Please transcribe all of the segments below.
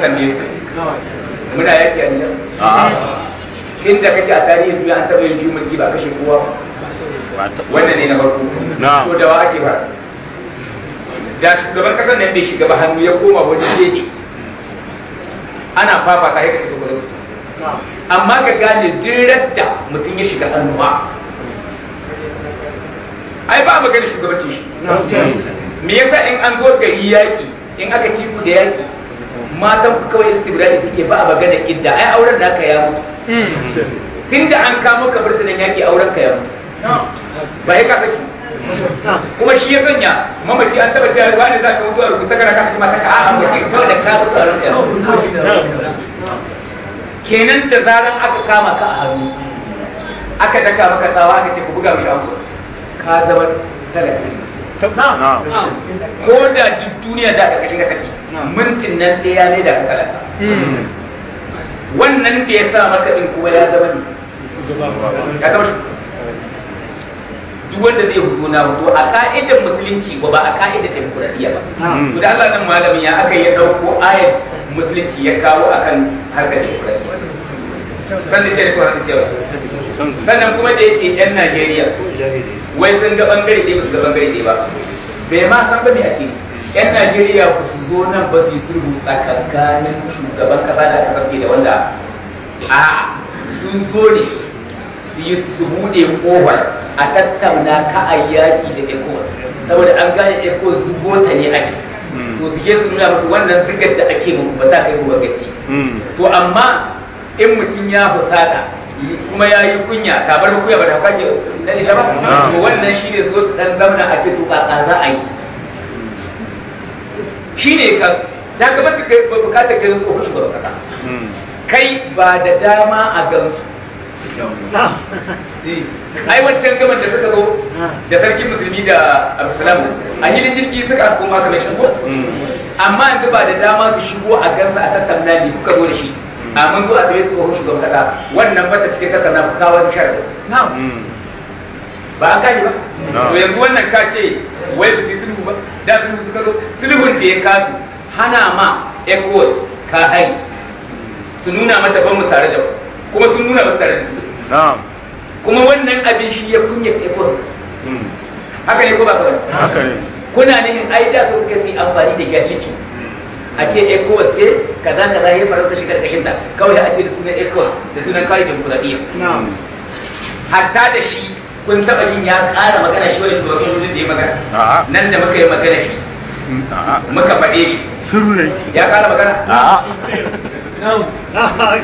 tambaye muna yaki a nan inda kake a tarihin duniya an taɓa yin ba kashe kowa wannan ne na farko da wa ake fara da shugaban kasar nan bai shiga ba hannu ya koma wani ana amma ka gane mutum ya shiga ai ba shi me yasa in an zo gari yaki in aka ci ku da yaki matan ku kawai istibra'i suke ba a magana idda ai auren ka ya mutu tunda an kamo ka birnin yaki auren ka ya mutu ba ya ka saki kuma shi ya sanya mamaci an taba cewa ba ne za ka mutu a rubuta kana ka saki mata ka a ba ke kawai da ka mutu a ranka kenan da zaran aka kama ka a hannu aka daka maka tsawa aka ce ku buga mishi abu ka zama talaka ko da duk duniya da ka kashe ka take mintin nan ɗaya ne da aka talaka wannan da ya sa maka in kuma ya zama ne ka shi duk wanda zai hutu na hutu a ka'idar musulunci ba ba a ka'idar demokuraɗiyya ba hmm. to da Allah nan malamin ya aka ya ɗauko ayat musulunci ya kawo akan harkar demokuraɗiyya sannan ce ko haka cewa sannan kuma da ce yan Najeriya wai sun ga bangare ne ba su ga bangare ɗaya ba bai ma san ba me ake yi 'yan najeriya ku su zo nan ba su yi sulhu tsakankanin shugaban kasa da aka sauke da wanda a sun zo ne su yi su buɗe kofar a tattauna ka a yaƙi da ecos saboda an gane ecos zubo ta ne ake hmm. to su je su nuna musu wannan zigar da ake mu ba za ka yi ruwa gaci hmm. to amma in mutum ya husata kuma ya yi kunya ta kuya ba ta kwace na ita ba hmm. wannan shi ne su zo su dan zamana a ce to ka za a yi shine ka da ka basu bukatar ganin tsohon shugaban kasa hmm. kai ba da dama a gansu eh, ai wancan gaban da suka zo da sarkin musulmi da abdulsalam a hilin jirgi suka koma kamar shigo hmm. amma yanzu ba da dama su shigo a gansu a tattauna ne kuka zo da shi hmm. a mun zo a bai tsohon shugaban kasa wannan bata cikin tattauna kawo da sharadi ba an yi ba to yanzu wannan ka ce wai ba su sulhu ba da sulhu suka zo sulhun da ya kasu hana ma ecos ka ai su nuna mata ban mu tare da ku kuma sun nuna mata tare da su kuma wannan abin shi ya kunya ecos hmm. haka ne ko ba ka haka ne kuna ne ai da su suka yi amfani da gallici hmm. a ce ecos ce kaza kaza ya faransa shi karkashin ta kawai a ce da sunan ecos da sunan kare na'am hatta da shi kun taba jin ya ƙara magana shi wani shugaban sojojin da ya magana nan da muka yi magana shi muka faɗe shi shiru ne ya ƙara magana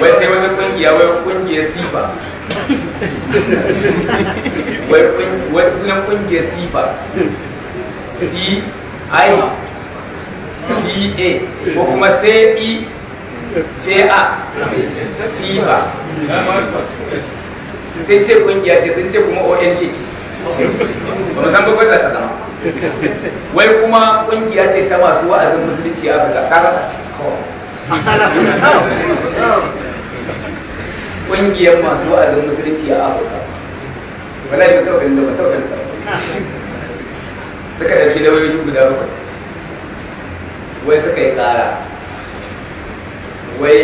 wai sai wata kungiya wai kungiya sifa wai sunan kungiya sifa c i c e a ko kuma c i e c a sifa sun ce kungiya ce sun ce kuma ONG ce ba mu san ba gwada ta zama wai kuma kungiya ce ta masu wa'azin musulunci a Afirka kaga kungiyar masu wa'azin musulunci a Afirka wala ne tausayin da ba tausayin ta suka dauki lauyoyi guda bakwai wai suka yi kara wai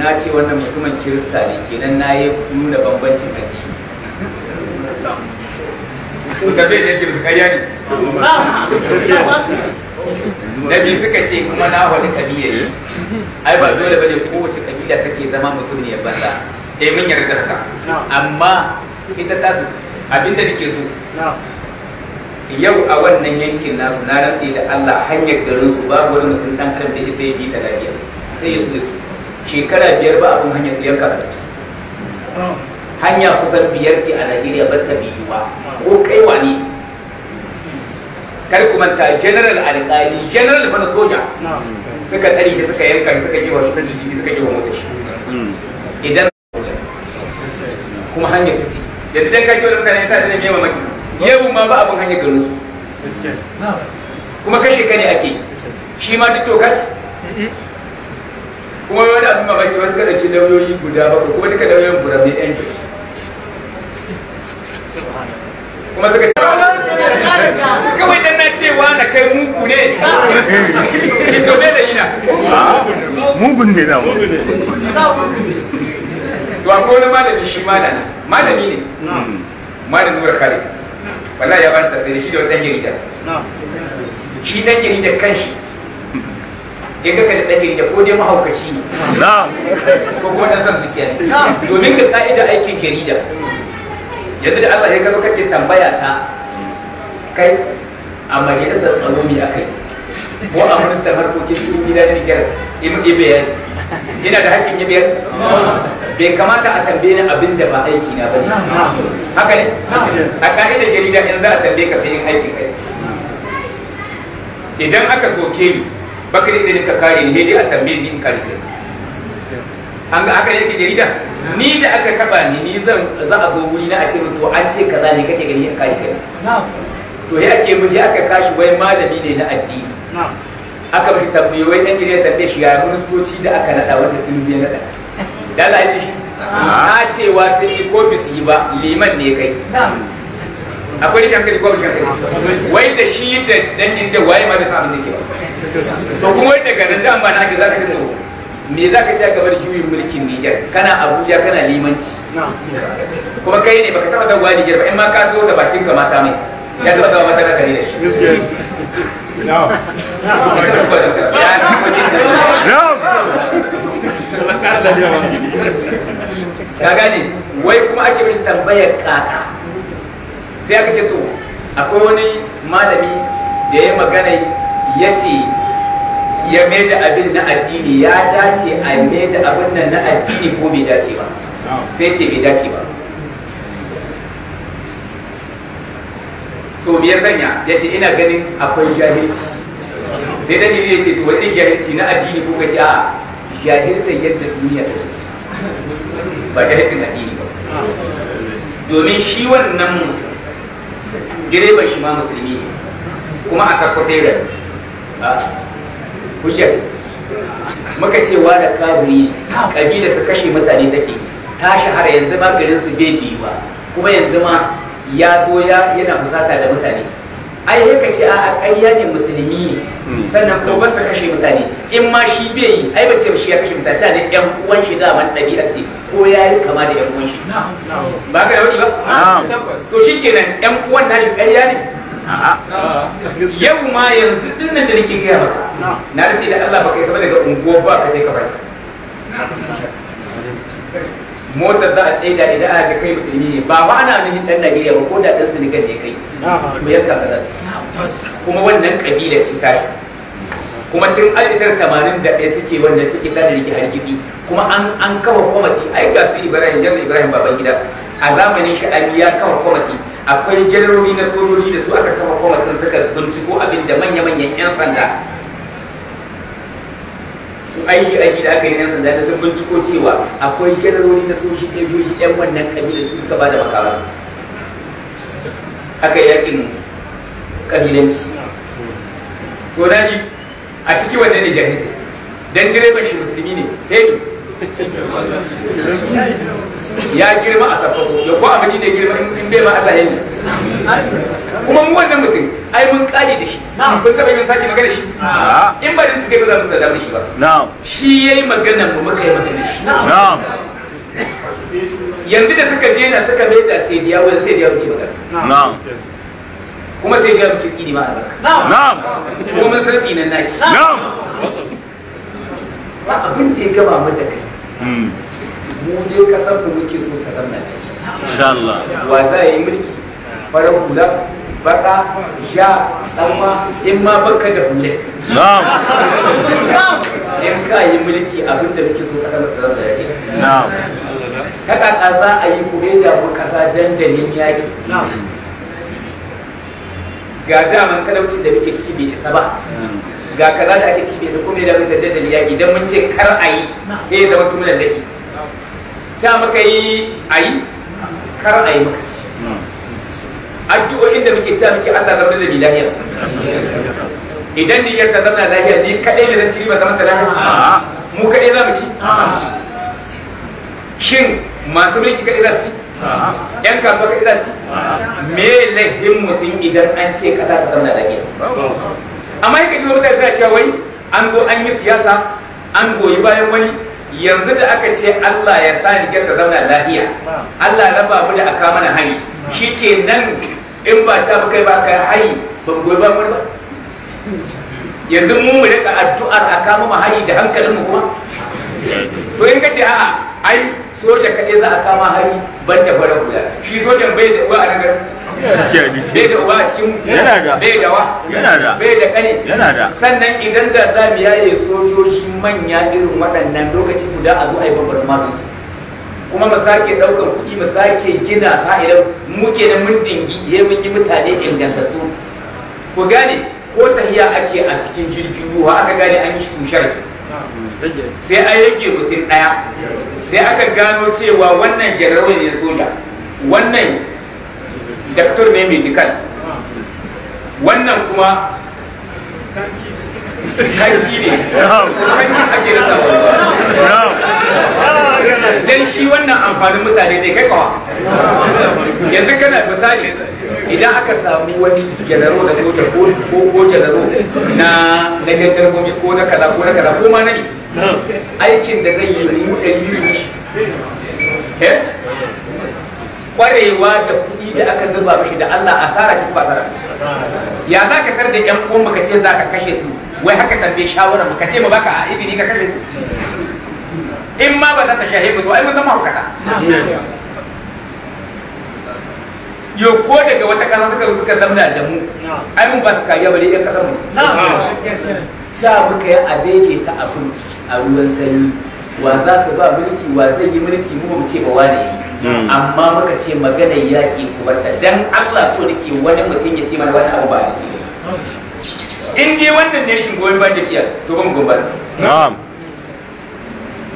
na ce wannan mutumin kirista ne kenan na yi nuna bambancin addini da ne na biyu suka ce kuma na wani kabila ne ai ba dole bane kowace kabila take zama mutum ne banza eh mun yarda ka amma ita ta su abinda nake so yau a wannan yankin nasu na rantse da Allah hanyar garin su babu wani mutum dan adam da sai yi ta lafiya sai ya su shekara biyar ba abin hanyar siyan karatu hanya kusan biyar ce a najeriya ban ta biyu ba ko kai wani kar kuma ta general alƙali general bana soja suka tsari da suka yanka suka yi wa shi shi suka yi wa mota shi idan kuma hanyar su ce da idan ka ce wani mutane ta da yawa maki yau ma ba abin hanyar garin su kuma kashe ka ne ake shi ma duk doka ce kuma da kuma baki wasu ka ɗauki nauyoyi guda ba kuma duka nauyoyin guda yan yanki kuma suka ce kawai dan na cewa na kai mugu ne to me da yina mugu ne na mugu ne to akwai wani malami shi malana malami ne malamin nura kare wallahi ya ba ta sai shi da wata dan jarida shi dan jarida kanshi in ka kada ɗabi'in da ko dai mahaukaci ne ko kuma ɗan san zuciya ne domin ga ka'ida aikin jarida yanzu da Allah ya gano kake tambaya ta kai a majalisar tsaro me akai ko a ministan harkokin cikin gida da nigar ibe ina da haƙƙin yi bayani bai kamata a tambaye ni abin da ba aiki na bane haka ne a ka'ida jarida in za a tambaye ka sai yin aikin kai idan aka soke ni bakar inda ni ka kare ne dai a tambayi ni in kare kai an ga aka yake jarida ni da aka taba ni ni zan za a zo wuri na a ce to an ce kaza ne kake gani in kare kai to ya ke mu ya aka kashi wai malami ne na addini aka mishi tambaye wai dan gida tambaye shi ya ministoci da aka nada wanda tunubi ya nada da za ya ji shi na cewa sun yi ko bisu yi ba liman ne kai akwai shankali hankali ko wai da shi da dan gida waye ma da sa ne da ke ba to kuma yadda ka nan dama na za ka ji tsoro me za ka ce a gabar juyin mulkin Nijar kana Abuja kana limanci kuma kai ne baka taba gawa Nijar ba in ma ka zo da bakin ka mata mai ya taba gawa mata da da shi ka gane wai kuma ake mishi tambayar kaka sai aka ce to akwai wani malami da ya magana ya ce ya mai da abin na addini ya dace a mai da abin nan na addini ko bai dace ba sai ce bai dace ba to biya ya sanya ya ce ina ganin akwai jahilci sai da ya ce to wani jahilci na addini ko kace a jahilta yadda duniya ta ce ba jahilcin addini ba domin shi wannan mutum direban shi ma musulmi ne kuma a da hujja ce muka ce wa da kafiri kabila su kashe mutane take ta shahara yanzu ma garin su bai ba kuma yanzu ma ya doya yana fusata da mutane ai yaka ce a ƙayya ne musulmi hmm. sannan ko ba su kashe mutane in ma shi bai yi ai ba ce shi ya kashe mutane ne yan uwan shi daman ɗabi'a ce ko ya yi kama da yan uwan shi ba ka da wani ba to shi kenan yan uwan nashi ƙarya ne yau ma yanzu din nan da nake gaya maka na rufe da Allah baka isa daga unguwa ba ka je ka bace mota za a tsaida idan aka kai musulmi ne ba wa ana nufin dan Najeriya ba ko da dan Senegal ne kai to yanka ka zasu kuma wannan kabila ce tashi kuma tun alitar tamanin da ɗaya suke wannan suke ta da rike hargitsi kuma an kawo kwamati ai ga su ibrahim jan ibrahim babangida a zamanin shi an ya kawo kwamati akwai janarori na sojoji da su aka kama kwamitin suka binciko abin da manya-manyan 'yan sanda aiki a da aka yi 'yan sanda da sun binciko cewa akwai janarori na sojoji ɗabiyoyi 'yan wannan ƙabilar su suka ba da makara aka yakin kabilanci. to na ji a ciki wannan ne jahilai dan direban shi musulmi ne hey ya girma a sakkwato ya ko a madina girma in bai ma Allah ya yi kuma mu wannan mutum ai mun kare da shi kun taba yin sake magana shi ah. in ba su kai ba za mu sadar da shi ba shi yayi magana mu muka yi magana shi yanzu da suka dena suka mai da sai diya wani sai diya muke magana kuma sai diya muke tsini ma albarka kuma mun san na naci ba abin da ya gaba mu da kai hmm. mu je kasar mu muke so ta zama insha Allah wa za yi mulki farar hula baka ja tsamma in ma baka da hule na'am in ka yi mulki abin da muke so ka zama ta zama na'am ta kaka za a yi kuma da mu kasa dandalin yaki ga daman talaucin da muke ciki bai isa ba hmm. ga kaza da ake ciki bai isa kuma da muke dandalin yaki dan mun ce kar a yi eh da mutum da laifi ta maka yi ayi kar ayi muka ce addu'o'in da muke ta muke Allah zama da lahiya idan ni yarda zama lahiya ni kaɗai da na ci ba zama da lahiya mu kaɗai za mu ci shin masu mulki kaɗai za su ci yan kasuwa kaɗai za su ci me lahin mutum idan an ce kaɗa ka zama lahiya amma yake yi mutane a cewa wai an zo an yi siyasa an goyi bayan wani yanzu da aka ce Allah ya sa Nijar da zauna lafiya Allah na ba mu da aka mana hari shi ke nan in ba ta ba kai ba ka hari ba mu goyi ba mu ba yanzu mu mu rika addu'ar a mu hari da hankalin mu kuma to in kace ce a'a ai soja kaɗai za a kama hari ban da fara hula shi sojan bai da wa a gaskiya ne bai da uba cikin yana da bai da yana da bai da yana da idan da za yaye sojoji manya irin waɗannan lokaci guda a zo a yi babbar kuma mu sake ɗaukar kuɗi mutane ingantattu ku gane ko tahiya ake a cikin jirgin ruwa aka gane an yi sai a yage mutum ɗaya sai aka gano cewa wannan gyararwa ne soja wannan daktar ne medical wannan kuma kanki ne kanki ake rasa don shi wannan amfanin mutane ne kai kawa yanzu kana misali idan aka samu wani janaro da soja ko ko na na gangar ko na kaza ko na kaza ko ma na ne aikin da zai yi mu shi eh? kwarewa da kuɗi da aka zuba mishi da Allah asara ce ba asara ya za ka da yan uwan baka ce za ka kashe su wai haka tambaye shawara baka ce ma baka a ibini ka kashe su in ma ba za ka shahe ba to ai mun zama hukata yo ko daga wata kasa suka suka zamna da mu ai mun ba su kariya bare yan kasar mu ta muka yi a daidaita abin a ruwan sanyi wa za su ba mulki wa zai yi mulki mu mu ce ba wane ne hmm. amma muka ce magana yaƙi ku barta dan Allah so nake wani mutum ya ce mana wani abu ba ne in dai wannan ne shi goyon bayan jam'iyyar to ban mu na'am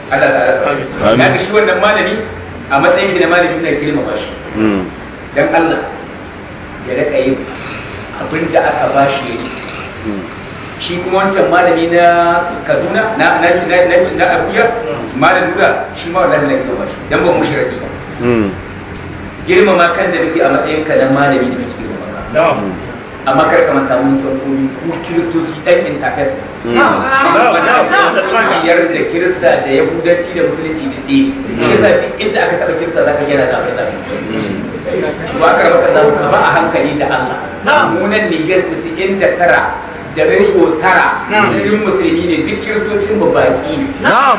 Allah ta rasa amin ga shi wannan malami a matsayin da malami na ba shi hmm. dan Allah ya rika yin abin da aka ba shi hmm. shi kuma wancan malami na kaduna na na abuja mm. malam nura shi ma wallahi na girma shi dan ba mu mm. shirki ba girmama kan da muke a matsayin ka na malami da muke girmama ka amma kar ka manta mun san komai ku kiristoci dan in ta takas yar da kirista da yahudanci da musulunci da ɗaya yasa duk inda aka taɓa kirista zaka yana da abin da ba ka raba kan ba a hankali da Allah mu nan ne yadda 99 da rarigo tara yin musulmi ne duk kiristocin ba baki ne na'am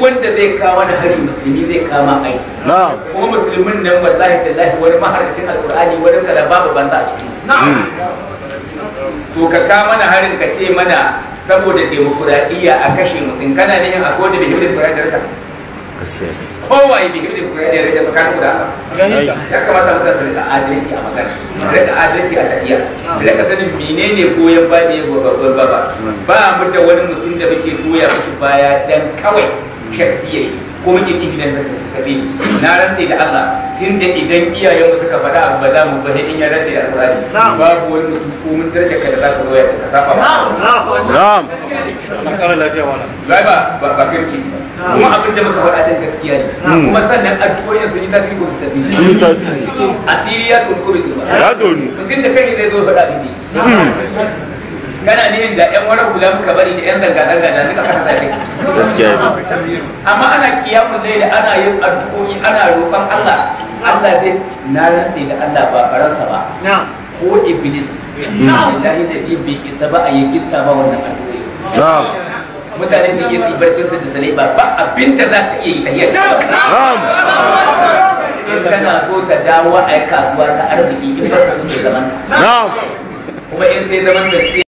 wanda zai kawo wani hari musulmi zai kama ai na'am kuma musulmin nan wallahi tallahi wani maharcin alqur'ani wani kala babu banza a ciki na'am to ka mana harin ka ce mana saboda demokuraɗiyya a kashe mutum kana ne a kodin da yau kowaye bai gami da kuma yadda ya tsakanin ku da ya kamata mu kasance da adalci a magana rika adalci a tafiya rika sanin menene goyon ba ne goyon ba ba mu da wani mutum da muke koya mutum baya dan kawai shaksiyar ko muke ki gidan da kabi na rante da Allah tunda idan iyayen mu suka faɗa abu ba za mu bari in ya dace da alƙur'ani babu wani mutum ko mun daraja ka da za ka zoya ka saba ba na'am makara lafiya wala ba ba kai ki kuma abin da muka faɗa gaskiya ne kuma sannan addu'o'in sun yi tasiri ko tasiri ko ya kai ne zai zo faɗa din kana ne da yan wani hula muka bari da yan zanga zanga duka kan tare gaskiya amma ana kiyamun laili ana yin addu'o'i ana roƙon Allah Allah zai na rantse da Allah ba faransa ba ko iblis lillahi da bi isa ba a yi sa ba wannan addu'o'i mutane su ke su barcin su da salai ba ba abinda za ka iya yi in kana so ta dawo a kasuwa ta arziki in ba ka sun ta zaman kuma in zai zaman da